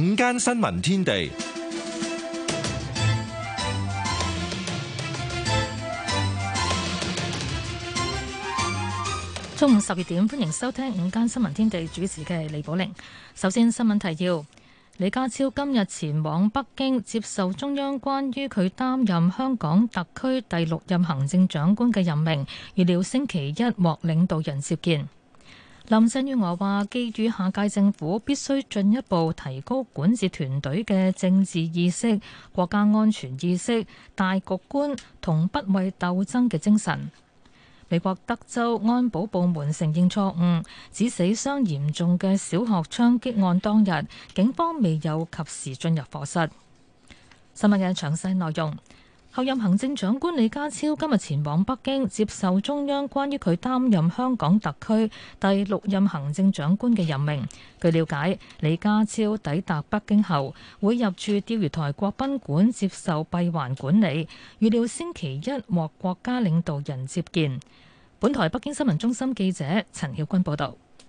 午間新聞天地，中午十二點歡迎收聽午間新聞天地，主持嘅李寶玲。首先新聞提要：李家超今日前往北京接受中央關於佢擔任香港特區第六任行政長官嘅任命，預料星期一獲領導人接見。林鄭月娥話，基於下屆政府必須進一步提高管治團隊嘅政治意識、國家安全意識、大局觀同不畏鬥爭嘅精神。美國德州安保部門承認錯誤，指死傷嚴重嘅小學槍擊案當日，警方未有及時進入課室。新聞嘅詳細內容。候任行政長官李家超今日前往北京接受中央關於佢擔任香港特區第六任行政長官嘅任命。據了解，李家超抵達北京後，會入住釣魚台國賓館接受閉環管理，預料星期一獲國家領導人接見。本台北京新聞中心記者陳曉君報道。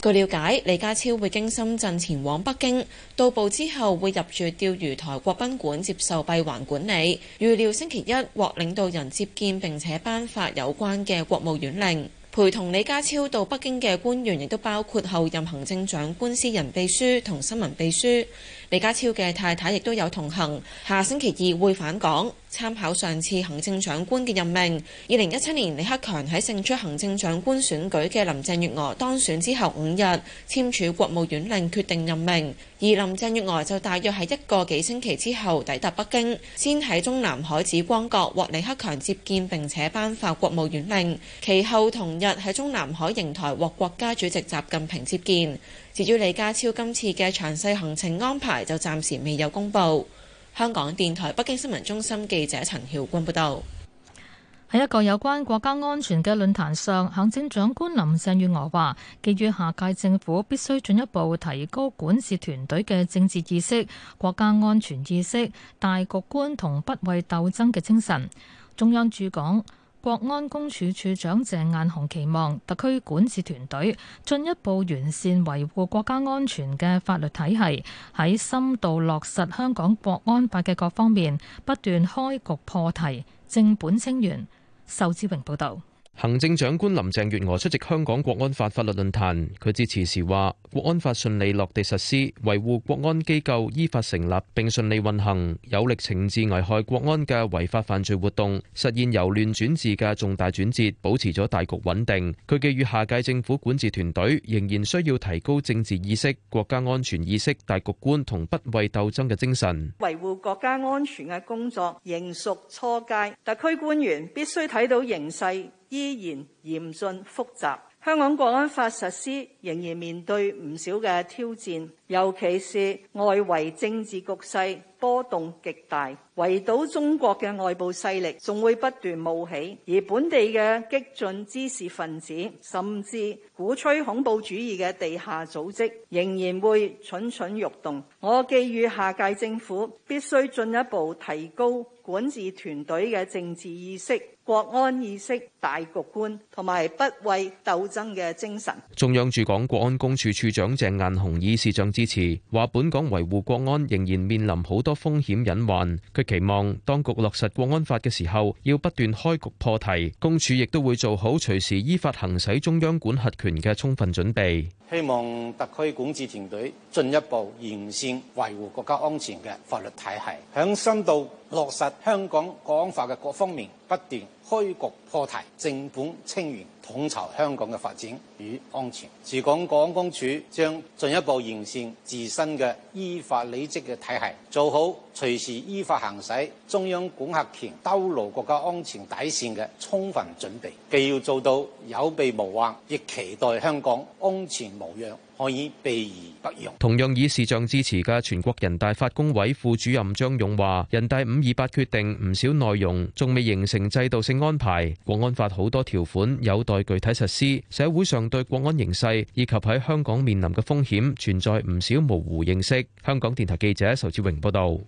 據了解，李家超會經深圳前往北京，到埗之後會入住釣魚台國賓館接受閉環管理。預料星期一獲領導人接見，並且頒發有關嘅國務院令。陪同李家超到北京嘅官員亦都包括後任行政長官私人秘書同新聞秘書。李家超嘅太太亦都有同行，下星期二會返港，參考上次行政長官嘅任命。二零一七年李克強喺勝出行政長官選舉嘅林鄭月娥當選之後五日簽署國務院令決定任命，而林鄭月娥就大約喺一個幾星期之後抵達北京，先喺中南海紫光閣獲李克強接見，並且頒發國務院令，其後同日喺中南海瀛台獲國家主席習近平接見。至於李家超今次嘅詳細行程安排，就暫時未有公布。香港電台北京新聞中心記者陳曉君報導，喺一個有關國家安全嘅論壇上，行政長官林鄭月娥話，基於下屆政府必須進一步提高管治團隊嘅政治意識、國家安全意識、大局觀同不畏鬥爭嘅精神。中央駐港國安公署署長鄭雁雄期望特區管治團隊進一步完善維護國家安全嘅法律體系，喺深度落實《香港國安法》嘅各方面不斷開局破題、正本清源。仇志榮報道。行政長官林鄭月娥出席香港國安法法律論壇，佢致辭時話：國安法順利落地實施，維護國安機構依法成立並順利運行，有力懲治危害國安嘅違法犯罪活動，實現由亂轉治嘅重大轉折，保持咗大局穩定。佢寄語下屆政府管治團隊仍然需要提高政治意識、國家安全意識、大局觀同不畏鬥爭嘅精神。維護國家安全嘅工作仍屬初階，特區官員必須睇到形勢。依然嚴峻複雜，香港國安法實施仍然面對唔少嘅挑戰，尤其是外圍政治局勢波動極大，圍堵中國嘅外部勢力仲會不斷冒起，而本地嘅激進知識分子甚至鼓吹恐怖主義嘅地下組織仍然會蠢蠢欲動。我寄語下屆政府必須進一步提高管治團隊嘅政治意識、國安意識、大局觀同埋不畏鬥爭嘅精神。中央駐港國安公署署長鄭雁雄以視像支持，話本港維護國安仍然面臨好多多風險隱患，佢期望當局落實《國安法》嘅時候，要不斷開局破題，公署亦都會做好隨時依法行使中央管轄權嘅充分準備。希望特區管治團隊進一步完善維護國家安全嘅法律體系，響深度落實《香港國安法》嘅各方面，不斷開局破題，正本清源。統籌香港嘅發展與安全，駐港公署將進一步完善自身嘅依法履職嘅體系，做好。隨時依法行使中央管轄權，兜牢國家安全底線嘅充分準備，既要做到有備無患，亦期待香港安全無恙，可以避而不用。同樣以視像支持嘅全國人大法工委副主任張勇話：人大五二八決定唔少內容仲未形成制度性安排，國安法好多條款有待具體實施。社會上對國安形勢以及喺香港面臨嘅風險存在唔少模糊認識。香港電台記者仇志榮報導。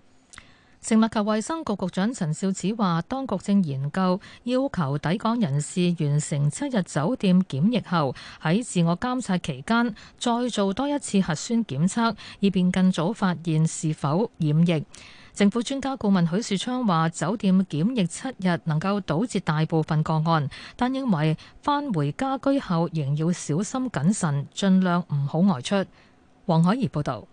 食物及衛生局局長陳肇始話：當局正研究要求抵港人士完成七日酒店檢疫後，喺自我監察期間再做多一次核酸檢測，以便更早發現是否染疫。政府專家顧問許樹昌話：酒店檢疫七日能夠堵截大部分個案，但認為返回家居後仍要小心謹慎，盡量唔好外出。黃海怡報導。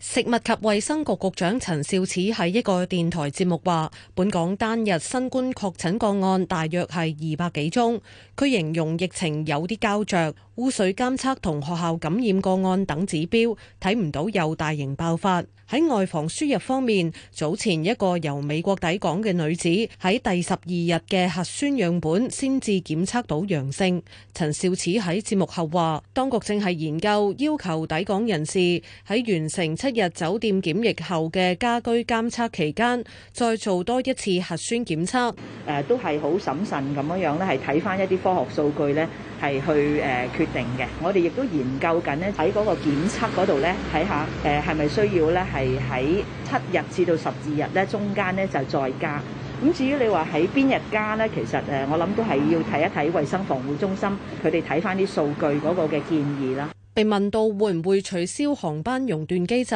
食物及衛生局局長陳肇始喺一個電台節目話：本港單日新冠確診個案大約係二百幾宗，佢形容疫情有啲膠着。污水監測同學校感染個案等指標睇唔到有大型爆發。喺外防輸入方面，早前一個由美國抵港嘅女子喺第十二日嘅核酸樣本先至檢測到陽性。陳肇始喺節目後話，當局正係研究要求抵港人士喺完成七日酒店檢疫後嘅家居監測期間，再做多一次核酸檢測。都係好審慎咁樣樣咧，係睇翻一啲科學數據呢，係去誒定嘅，我哋亦都研究緊呢，喺嗰個檢測嗰度呢，睇下，誒係咪需要呢？係喺七日至到十二日呢，中間呢就再加。咁至於你話喺邊日加呢？其實誒我諗都係要睇一睇衞生防護中心佢哋睇翻啲數據嗰個嘅建議啦。被問到會唔會取消航班熔斷機制，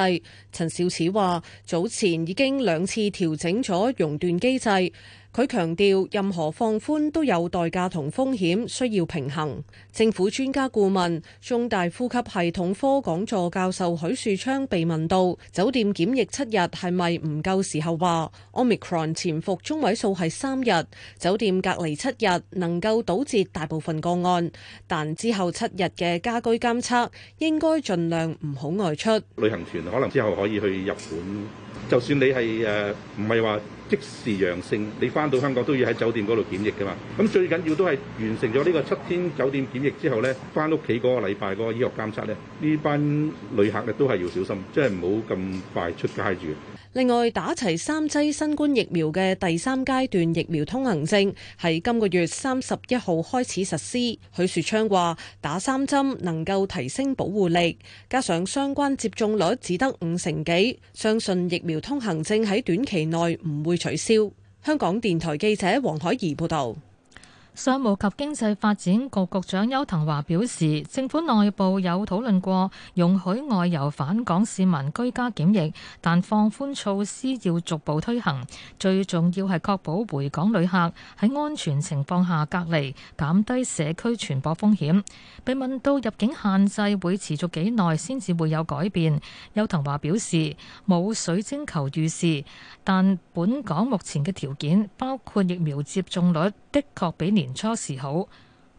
陳肇始話早前已經兩次調整咗熔斷機制。佢強調，任何放寬都有代價同風險，需要平衡。政府專家顧問、中大呼吸系統科講座教授許樹昌被問到：酒店檢疫七日係咪唔夠時候話？話 Omicron 潛伏中位數係三日，酒店隔離七日能夠堵截大部分個案，但之後七日嘅家居監測應該盡量唔好外出。旅行團可能之後可以去日本。就算你係誒唔係話即時陽性，你翻到香港都要喺酒店嗰度檢疫㗎嘛。咁最緊要都係完成咗呢個七天酒店檢疫之後咧，翻屋企嗰個禮拜嗰個醫學監測咧，呢班旅客咧都係要小心，即係唔好咁快出街住。另外，打齊三劑新冠疫苗嘅第三階段疫苗通行證，喺今個月三十一號開始實施。許樹昌話，打三針能夠提升保護力，加上相關接種率只得五成幾，相信疫苗通行證喺短期內唔會取消。香港電台記者黃海怡報道。商務及經濟發展局局長邱騰華表示，政府內部有討論過容許外遊返港市民居家檢疫，但放寬措施要逐步推行。最重要係確保回港旅客喺安全情況下隔離，減低社區傳播風險。被問到入境限制會持續幾耐先至會有改變，邱騰華表示冇水晶球預示，但本港目前嘅條件包括疫苗接種率的確比年初時好，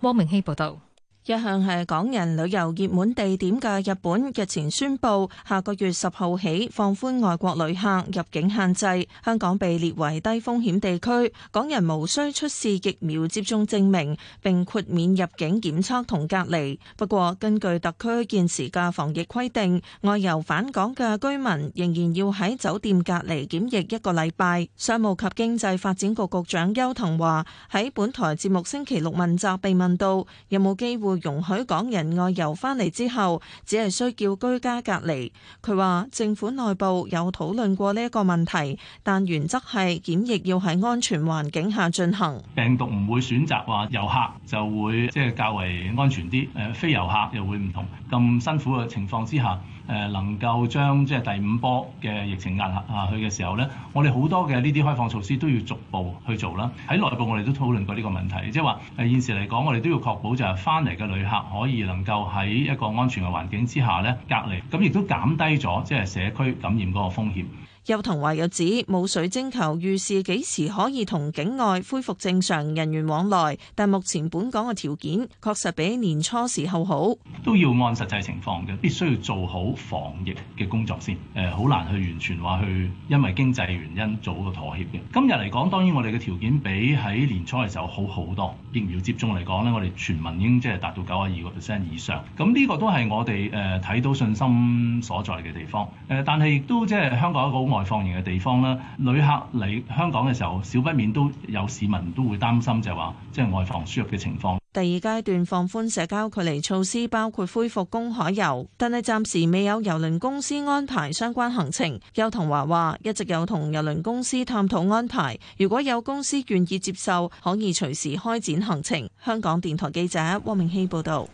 汪明希報道。一向係港人旅遊熱門地點嘅日本，日前宣布下個月十號起放寬外國旅客入境限制。香港被列為低風險地區，港人無需出示疫苗接種證明，並豁免入境檢測同隔離。不過根據特區現時嘅防疫規定，外遊返港嘅居民仍然要喺酒店隔離檢疫一個禮拜。商務及經濟發展局局長邱騰華喺本台節目星期六問責被問到有冇機會，容許港人外遊翻嚟之後，只係需叫居家隔離。佢話政府內部有討論過呢一個問題，但原則係檢疫要喺安全環境下進行。病毒唔會選擇話遊客就會即係較為安全啲，誒，非遊客又會唔同。咁辛苦嘅情況之下，誒，能夠將即係第五波嘅疫情壓下去嘅時候呢，我哋好多嘅呢啲開放措施都要逐步去做啦。喺內部我哋都討論過呢個問題，即係話現時嚟講，我哋都要確保就係翻嚟嘅。旅客可以能夠喺一個安全嘅環境之下咧，隔離，咁亦都減低咗即係社區感染嗰個風險。邱騰華又指，冇水晶球預示幾時可以同境外恢復正常人員往來，但目前本港嘅條件確實比年初時候好。都要按實際情況嘅，必須要做好防疫嘅工作先。誒、呃，好難去完全話去，因為經濟原因做個妥協嘅。今日嚟講，當然我哋嘅條件比喺年初嘅時候好好多。疫苗接種嚟講咧，我哋全民已經即係達到九啊二個 percent 以上，咁呢個都係我哋誒睇到信心所在嘅地方。誒、呃，但係亦都即係香港一個。外放型嘅地方啦，旅客嚟香港嘅時候，少不免都有市民都會擔心，就係話即係外防輸入嘅情況。第二階段放寬社交距離措施，包括恢復公海遊，但係暫時未有郵輪公司安排相關行程。邱騰華話一直有同郵輪公司探討安排，如果有公司願意接受，可以隨時開展行程。香港電台記者汪明希報道。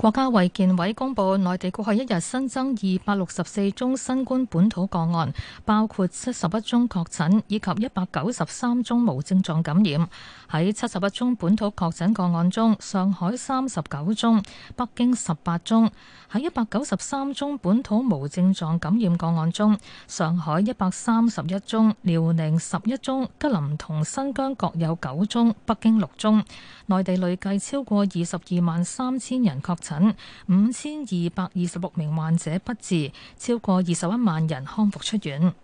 國家衛健委公布，內地過去一日新增二百六十四宗新冠本土個案，包括七十一宗確診以及一百九十三宗無症狀感染。喺七十一宗本土確診個案中，上海三十九宗，北京十八宗；喺一百九十三宗本土無症狀感染個案中，上海一百三十一宗，遼寧十一宗，吉林同新疆各有九宗，北京六宗。內地累計超過二十二萬三千人確診，五千二百二十六名患者不治，超過二十一萬人康復出院。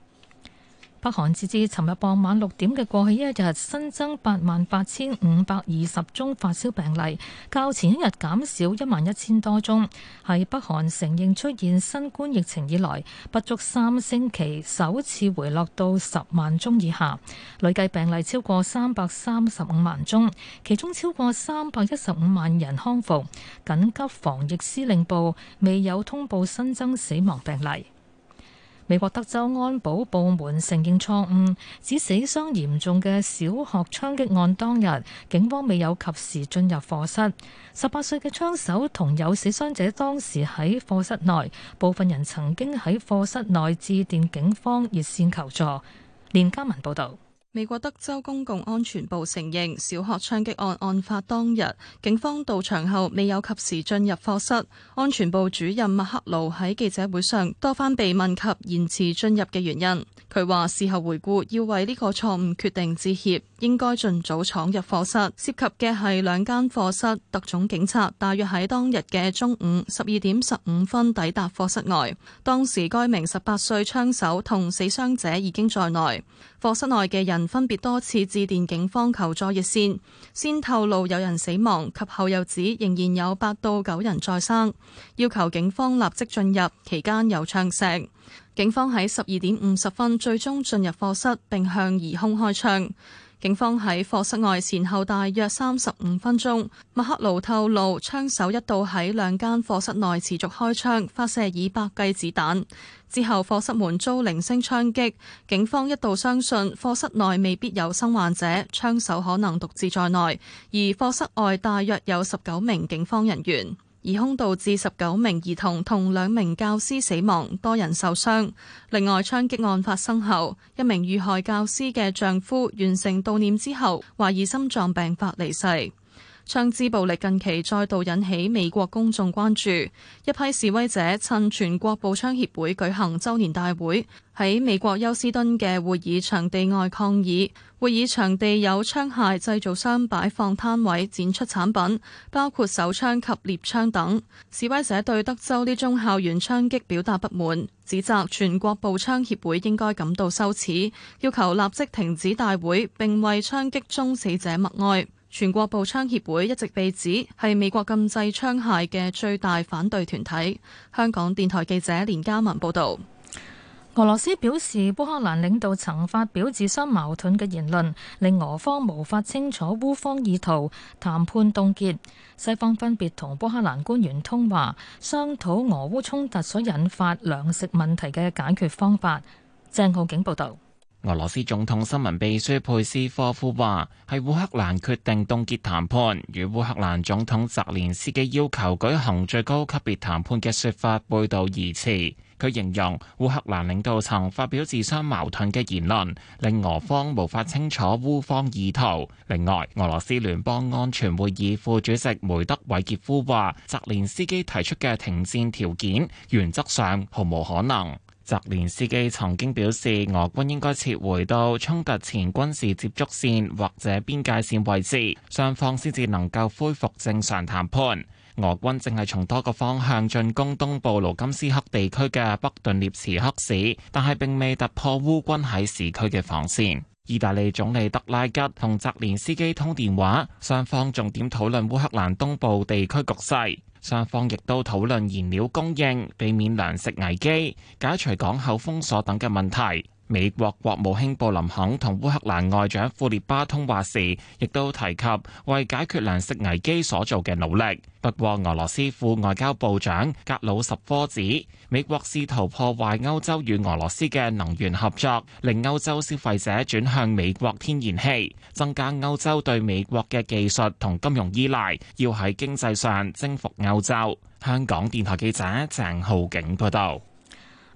北韓截至尋日傍晚六點嘅過去一日，新增八萬八千五百二十宗發燒病例，較前一日減少一萬一千多宗，係北韓承認出現新冠疫情以來，不足三星期首次回落到十萬宗以下。累計病例超過三百三十五萬宗，其中超過三百一十五萬人康復。緊急防疫司令部未有通報新增死亡病例。美國德州安保部門承認錯誤，指死傷嚴重嘅小學槍擊案當日，警方未有及時進入課室。十八歲嘅槍手同有死傷者當時喺課室內，部分人曾經喺課室內致電警方熱線求助。連家文報導。美國德州公共安全部承認小學槍擊案案發當日，警方到場後未有及時進入課室。安全部主任麥克盧喺記者會上多番被問及延遲進入嘅原因，佢話事後回顧要為呢個錯誤決定致歉，應該盡早闖入課室。涉及嘅係兩間課室，特種警察大約喺當日嘅中午十二點十五分抵達課室外，當時該名十八歲槍手同死傷者已經在內。課室內嘅人分別多次致電警方求助熱線，先透露有人死亡，及後又指仍然有八到九人在生，要求警方立即進入。期間有唱石。警方喺十二點五十分最終進入課室，並向疑兇開槍。警方喺課室外前後大約三十五分鐘。麥克勞透露，槍手一度喺兩間課室內持續開槍，發射以百計子彈。之後課室門遭零星槍擊，警方一度相信課室內未必有生還者，槍手可能獨自在內。而課室外大約有十九名警方人員。疑兇導致十九名兒童同兩名教師死亡，多人受傷。另外，槍擊案發生後，一名遇害教師嘅丈夫完成悼念之後，懷疑心臟病發離世。槍支暴力近期再度引起美國公眾關注。一批示威者趁全國步槍協會舉行周年大會，喺美國休斯敦嘅會議場地外抗議。會議場地有槍械製造商擺放攤位展出產品，包括手槍及獵槍等。示威者對德州呢宗校園槍擊表達不滿，指責全國步槍協會應該感到羞恥，要求立即停止大會並為槍擊中死者默哀。全國步槍協會一直被指係美國禁制槍械嘅最大反對團體。香港電台記者連嘉文報導。俄羅斯表示，烏克蘭領導曾發表自相矛盾嘅言論，令俄方無法清楚烏方意圖，談判凍結。西方分別同烏克蘭官員通話，商討俄烏，烏衝突所引發糧食問題嘅解決方法。鄭浩景報道。俄羅斯總統新聞秘書佩斯科夫話，係烏克蘭決定凍結談判，與烏克蘭總統澤連斯基要求舉行最高級別談判嘅說法背道而馳。佢形容烏克蘭領導層發表自相矛盾嘅言論，令俄方無法清楚烏方意圖。另外，俄羅斯聯邦安全會議副主席梅德韋傑夫話，澤連斯基提出嘅停戰條件，原則上毫無可能。澤連斯基曾經表示，俄軍應該撤回到衝突前軍事接觸線或者邊界線位置，雙方先至能夠恢復正常談判。俄軍正係從多個方向進攻東部盧甘斯克地區嘅北頓涅茨克市，但係並未突破烏軍喺市區嘅防線。意大利總理德拉吉同澤連斯基通電話，雙方重點討論烏克蘭東部地區局勢。雙方亦都討論燃料供應，避免糧食危機，解除港口封鎖等嘅問題。美國國務卿布林肯同烏克蘭外長庫列巴通話時，亦都提及為解決糧食危機所做嘅努力。不過，俄羅斯副外交部長格魯什科指，美國試圖破壞歐洲與俄羅斯嘅能源合作，令歐洲消費者轉向美國天然氣，增加歐洲對美國嘅技術同金融依賴，要喺經濟上征服歐洲。香港電台記者鄭浩景報道。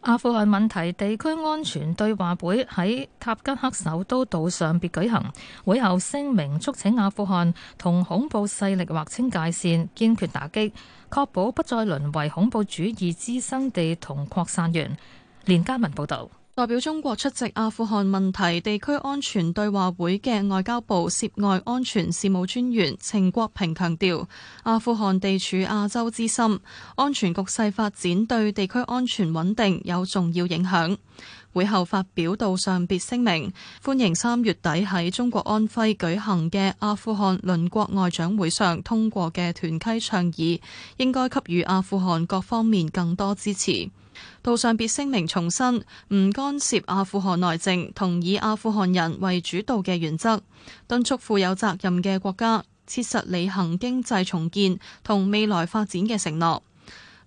阿富汗問題地區安全對話會喺塔吉克首都杜尚別舉行，會後聲明促請阿富汗同恐怖勢力劃清界線，堅決打擊，確保不再淪為恐怖主義滋生地同擴散源。連家文報導。代表中國出席阿富汗問題地區安全對話會嘅外交部涉外安全事務專員程國平強調，阿富汗地處亞洲之心，安全局勢發展對地區安全穩定有重要影響。會後發表道上別聲明，歡迎三月底喺中國安徽舉行嘅阿富汗鄰國外長會上通過嘅屯溪倡議，應該給予阿富汗各方面更多支持。道上別聲明重申唔干涉阿富汗內政同以阿富汗人為主導嘅原則，敦促負有責任嘅國家切實履行經濟重建同未來發展嘅承諾。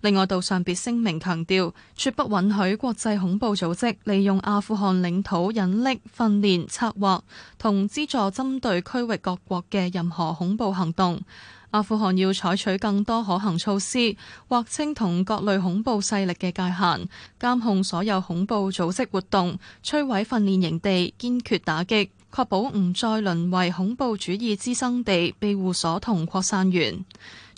另外，杜尚別聲明強調，絕不允許國際恐怖組織利用阿富汗領土引力訓練、策劃同資助針對區域各國嘅任何恐怖行動。阿富汗要採取更多可行措施，劃清同各類恐怖勢力嘅界限，監控所有恐怖組織活動，摧毀訓練營地，堅決打擊，確保唔再淪為恐怖主義滋生地、庇護所同擴散源。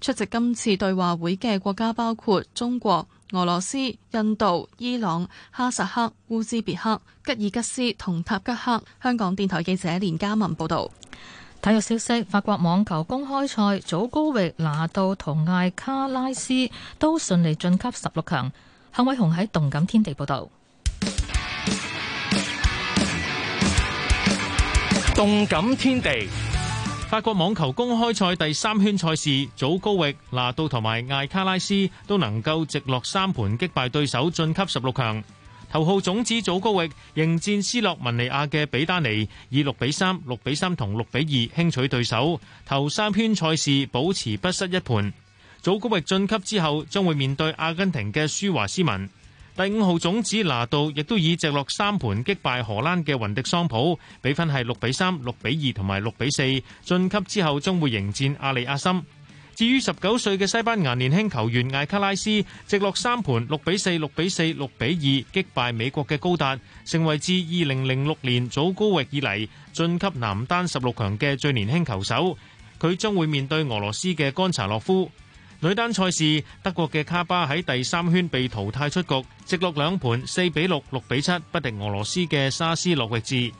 出席今次對話會嘅國家包括中國、俄羅斯、印度、伊朗、哈薩克、烏茲別克、吉爾吉斯同塔吉克。香港電台記者連嘉文報道。體育消息：法國網球公開賽祖高域拿度同艾卡拉斯都順利晉級十六強。向偉雄喺動感天地報道。動感天地。法國網球公開賽第三圈賽事，祖高域、拿度同埋艾卡拉斯都能夠直落三盤擊敗對手晉級十六強。頭號種子祖高域迎戰斯洛文尼亞嘅比丹尼，以六比三、六比三同六比二輕取對手。頭三圈賽事保持不失一盤，祖高域晉級之後將會面對阿根廷嘅舒華斯文。第五號種子拿度亦都以直落三盤擊敗荷蘭嘅雲迪桑普，比分係六比三、六比二同埋六比四，晉級之後，將會迎戰阿里阿森。至於十九歲嘅西班牙年輕球員艾卡拉斯，直落三盤六比四、六比四、六比二擊敗美國嘅高達，成為自二零零六年早高域以嚟晉級男單十六強嘅最年輕球手。佢將會面對俄羅斯嘅干查洛夫。女單賽事，德國嘅卡巴喺第三圈被淘汰出局，直落兩盤四比六、六比七不敵俄羅斯嘅沙斯諾維奇。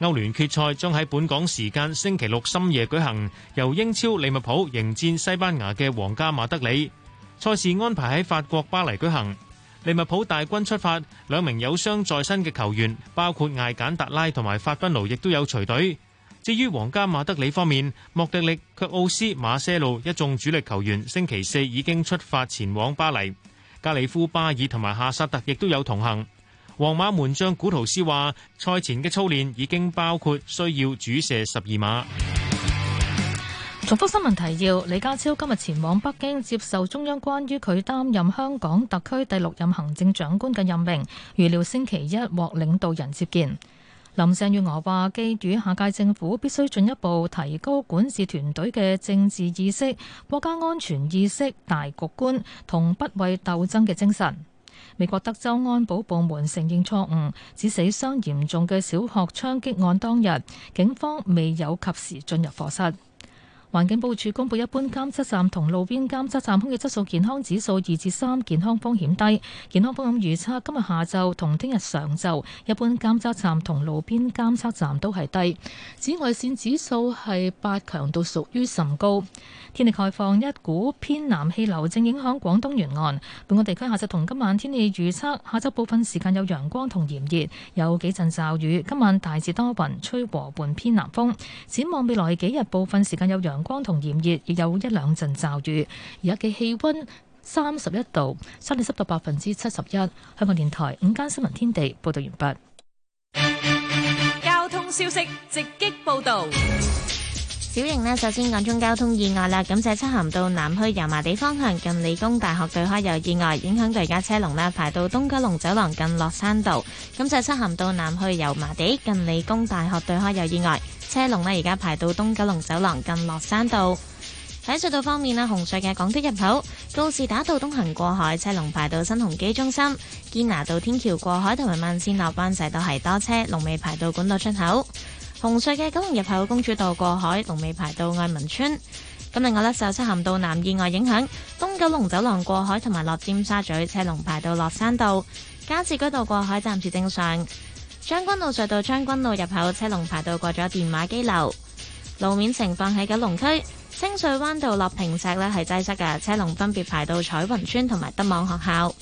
歐聯決賽將喺本港時間星期六深夜舉行，由英超利物浦迎戰西班牙嘅皇家馬德里。賽事安排喺法國巴黎舉行，利物浦大軍出發，兩名有傷在身嘅球員，包括艾簡達拉同埋法賓奴，亦都有隨隊。至於皇家馬德里方面，莫迪力、卻奧斯、馬些路一眾主力球員星期四已經出發前往巴黎，加里夫巴爾同埋夏薩特亦都有同行。皇馬門將古圖斯話：賽前嘅操練已經包括需要主射十二碼。重複新聞提要：李家超今日前往北京接受中央關於佢擔任香港特區第六任行政長官嘅任命，預料星期一獲領導人接見。林鄭月娥話：基於下屆政府必須進一步提高管治團隊嘅政治意識、國家安全意識、大局觀同不畏鬥爭嘅精神。美國德州安保部門承認錯誤，指死傷嚴重嘅小學槍擊案當日，警方未有及時進入課室。環境部署公布一般監測站同路邊監測站空氣質素健康指數二至三，健康風險低。健康風險預測今日下晝同聽日上晝，一般監測站同路邊監測站都係低。紫外線指數係八，強度屬於甚高。天氣概況，一股偏南氣流正影響廣東沿岸。本港地區下晝同今晚天氣預測，下晝部分時間有陽光同炎熱，有幾陣驟雨。今晚大致多雲，吹和緩偏南風。展望未來幾日部分時間有陽陽光同炎熱，亦有一兩陣驟雨。而家嘅氣溫三十一度，相對濕度百分之七十一。香港電台午間新聞天地報道完畢。交通消息直擊報道。小瑩呢，首先講中交通意外啦。噉就係七行到南區油麻地方向，近理工大學對開有意外，影響對家車龍咧排到東九龍走廊近落山道。噉就係七行到南區油麻地近理工大學對開有意外。車龍咧而家，排到東九龍走廊近落山道。喺隧道方面咧，紅隧嘅港島入口告士打道東行過海車龍排到新鴻基中心，堅拿道天橋過海同埋萬仙路灣仔都係多車，龍尾排到管道出口。紅隧嘅九龍入口公主道過海龍尾排到愛民村。咁另外咧，受漆咸道南意外影響，東九龍走廊過海同埋落尖沙咀車龍排到落山道，加士居道過海暫時正常。將軍路隧道將軍路入口車龍排到過咗電話機樓。路面情況喺九龍區清水灣道落坪石呢係擠塞嘅，車龍分別排到彩雲村同埋德望學校。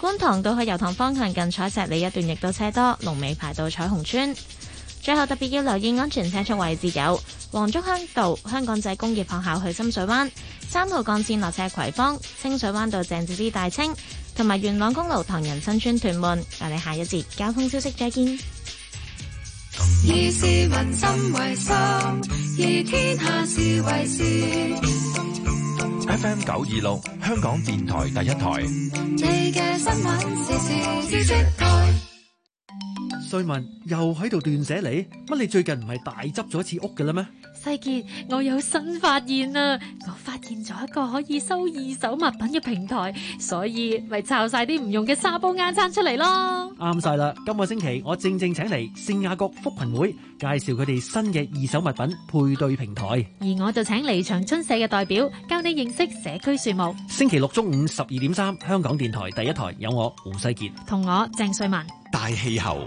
觀塘道去油塘方向近彩石里一段亦都車多，龍尾排到彩虹村。最後特別要留意安全車速位置有黃竹坑道香港仔工業學校去深水灣三號幹線落車葵芳，清水灣道鄭至之大清。同埋元朗公路唐人新村屯門。我哋下一節交通消息再見。以市民心為心，以天下事為事。FM 九二六，香港電台第一台。瑞文又喺度斷捨離？乜你最近唔係大執咗一次屋嘅啦咩？世杰，我有新發現啦！我發現咗一個可以收二手物品嘅平台，所以咪抄晒啲唔用嘅沙煲、罌罉出嚟咯。啱晒啦！今個星期我正正請嚟聖雅各福群會，介紹佢哋新嘅二手物品配對平台。而我就請嚟長春社嘅代表，教你認識社區樹木。星期六中午十二點三，香港電台第一台有我胡世杰同我鄭瑞文。氣候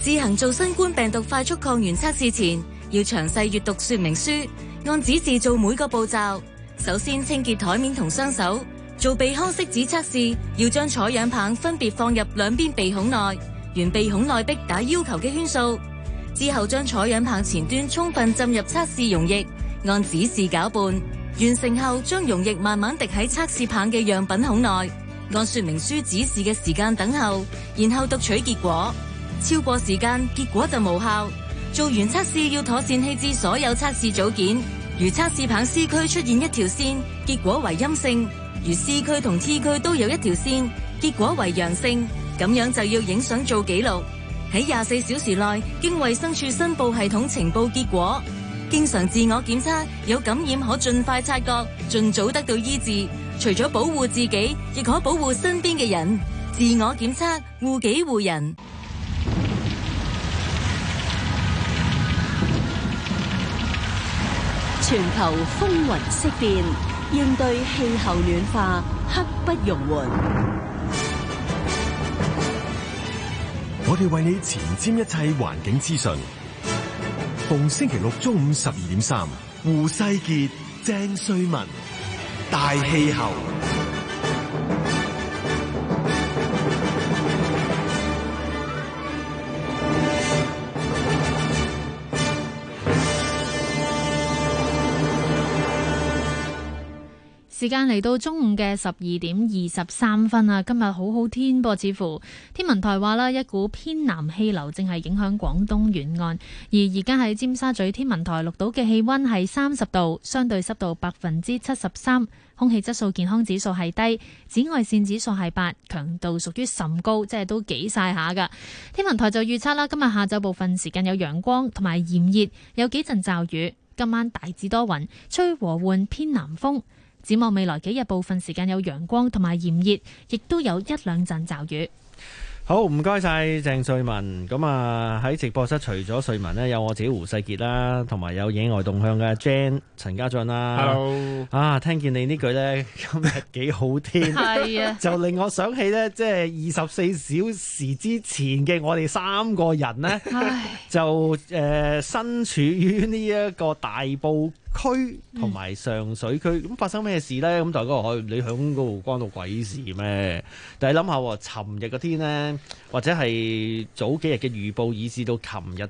自行做新冠病毒快速抗原測試前，要詳細閱讀說明書，按指示做每個步驟。首先清潔檯面同雙手。做鼻腔拭子測試，要將採樣棒分別放入兩邊鼻孔內，沿鼻孔內壁打要求嘅圈數。之後將採樣棒前端充分浸入測試溶液，按指示攪拌。完成後將溶液慢慢滴喺測試棒嘅樣品孔內。按說明書指示嘅時間等候，然後讀取結果。超過時間，結果就無效。做完測試要妥善棄置所有測試組件。如測試棒 C 區出現一條線，結果為陰性；如 C 區同 T 區都有一條線，結果為陽性。咁樣就要影相做記錄。喺廿四小時內經衛生署申報系統呈報結果。經常自我檢測，有感染可盡快察覺，盡早得到醫治。除咗保護自己，亦可保護身邊嘅人。自我檢測，護己護人。全球風雲色變，應對氣候暖化，刻不容緩。 我哋為你前瞻一切環境資訊，逢星期六中午十二點三，胡世傑、鄭瑞文。大氣候。時間嚟到中午嘅十二點二十三分啊！今日好好天噃，似乎天文台話啦，一股偏南氣流正係影響廣東沿岸。而而家喺尖沙咀天文台錄到嘅氣溫係三十度，相對濕度百分之七十三，空氣質素健康指數係低，紫外線指數係八，強度屬於甚高，即係都幾晒下噶。天文台就預測啦，今日下晝部分時間有陽光同埋炎熱，有幾陣驟雨。今晚大致多雲，吹和緩偏南風。展望未來幾日，部分時間有陽光同埋炎熱，亦都有一兩陣驟雨。好，唔該晒鄭瑞文。咁啊喺直播室，除咗瑞文呢，有我自己胡世杰啦，同、啊、埋有野外動向嘅 Jan 陳家俊啦。Hello，啊，聽見你呢句呢，今日幾好天，係啊，就令我想起呢，即係二十四小時之前嘅我哋三個人呢， 就誒、呃、身處於呢一個大埔區同埋上水區，咁發生咩事咧？咁大家，我你響度關到鬼事咩？但係諗下，尋日嘅天咧，或者係早幾日嘅預報以至到琴日。